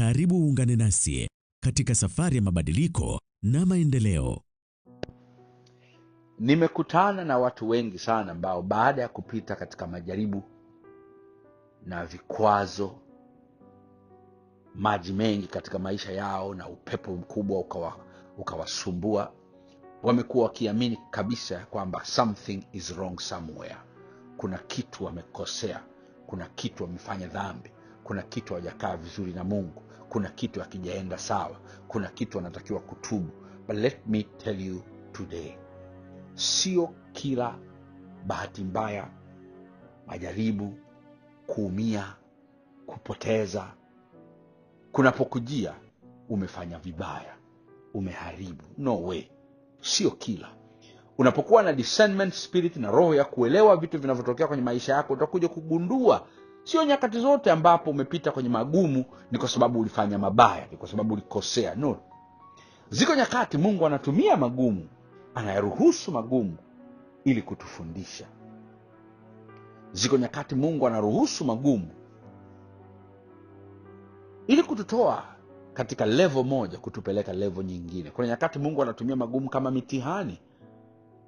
Karibu uungane nasi katika safari ya mabadiliko na maendeleo. Nimekutana na watu wengi sana ambao baada ya kupita katika majaribu na vikwazo, maji mengi katika maisha yao na upepo mkubwa ukawa, ukawasumbua, wamekuwa wakiamini kabisa kwamba something is wrong somewhere, kuna kitu wamekosea, kuna kitu wamefanya dhambi, kuna kitu hawajakaa vizuri na Mungu kuna kitu hakijaenda sawa kuna kitu anatakiwa kutubu but let me tell you today sio kila bahati mbaya majaribu kuumia kupoteza kunapokujia umefanya vibaya umeharibu no way sio kila unapokuwa na discernment spirit na roho ya kuelewa vitu vinavyotokea kwenye maisha yako utakuja kugundua sio nyakati zote ambapo umepita kwenye magumu ni kwa sababu ulifanya mabaya ni kwa sababu ulikosea no ziko nyakati mungu anatumia magumu anayaruhusu magumu ili kutufundisha ziko nyakati mungu anaruhusu magumu ili kututoa katika levo moja kutupeleka levo nyingine kuna nyakati mungu anatumia magumu kama mitihani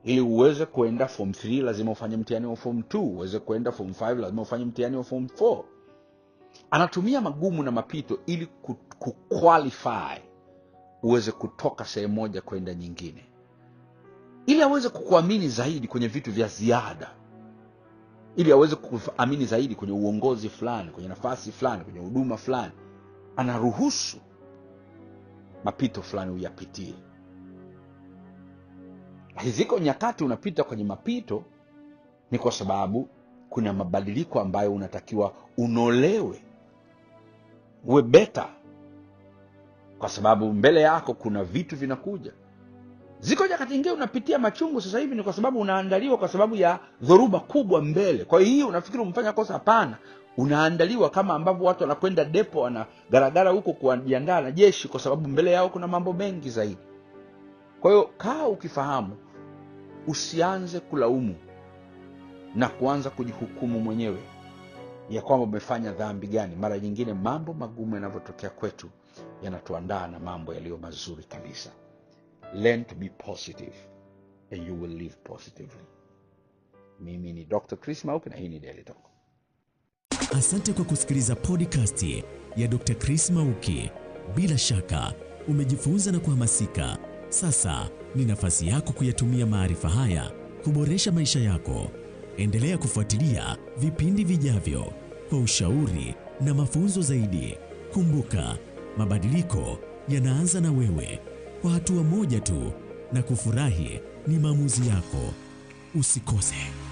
ili uweze kwenda form 3 lazima ufanye mtihani wa form 2 uweze kwenda form 5 lazima ufanye mtihani wa form 4 anatumia magumu na mapito ili kuqualify uweze kutoka sehemu moja kwenda nyingine ili aweze kukuamini zaidi kwenye vitu vya ziada ili aweze kuamini zaidi kwenye uongozi fulani kwenye nafasi fulani kwenye huduma fulani anaruhusu mapito fulani uyapitie ziko nyakati unapita kwenye mapito, ni kwa sababu kuna mabadiliko ambayo unatakiwa unolewe, uwe beta, kwa sababu mbele yako kuna vitu vinakuja. Ziko nyakati ingie unapitia machungu sasa hivi, ni kwa sababu unaandaliwa kwa sababu ya dhoruba kubwa mbele. Kwa hiyo unafikiri umefanya kosa? Hapana, unaandaliwa kama ambavyo watu wanakwenda depo, wanagaragara huko kujiandaa na jeshi, kwa sababu mbele yao kuna mambo mengi zaidi. Kwa hiyo kaa ukifahamu, usianze kulaumu na kuanza kujihukumu mwenyewe ya kwamba umefanya dhambi gani. Mara nyingine mambo magumu yanavyotokea kwetu yanatuandaa na mambo yaliyo mazuri kabisa. Learn to be positive and you will live positively. Mimi ni Dr. Chris mauk na hii ni Daily Talk. Asante kwa kusikiliza podcast ya Dr. Chris Mauki. Bila shaka umejifunza na kuhamasika. Sasa ni nafasi yako kuyatumia maarifa haya kuboresha maisha yako. Endelea kufuatilia vipindi vijavyo kwa ushauri na mafunzo zaidi. Kumbuka, mabadiliko yanaanza na wewe, kwa hatua moja tu, na kufurahi ni maamuzi yako. Usikose.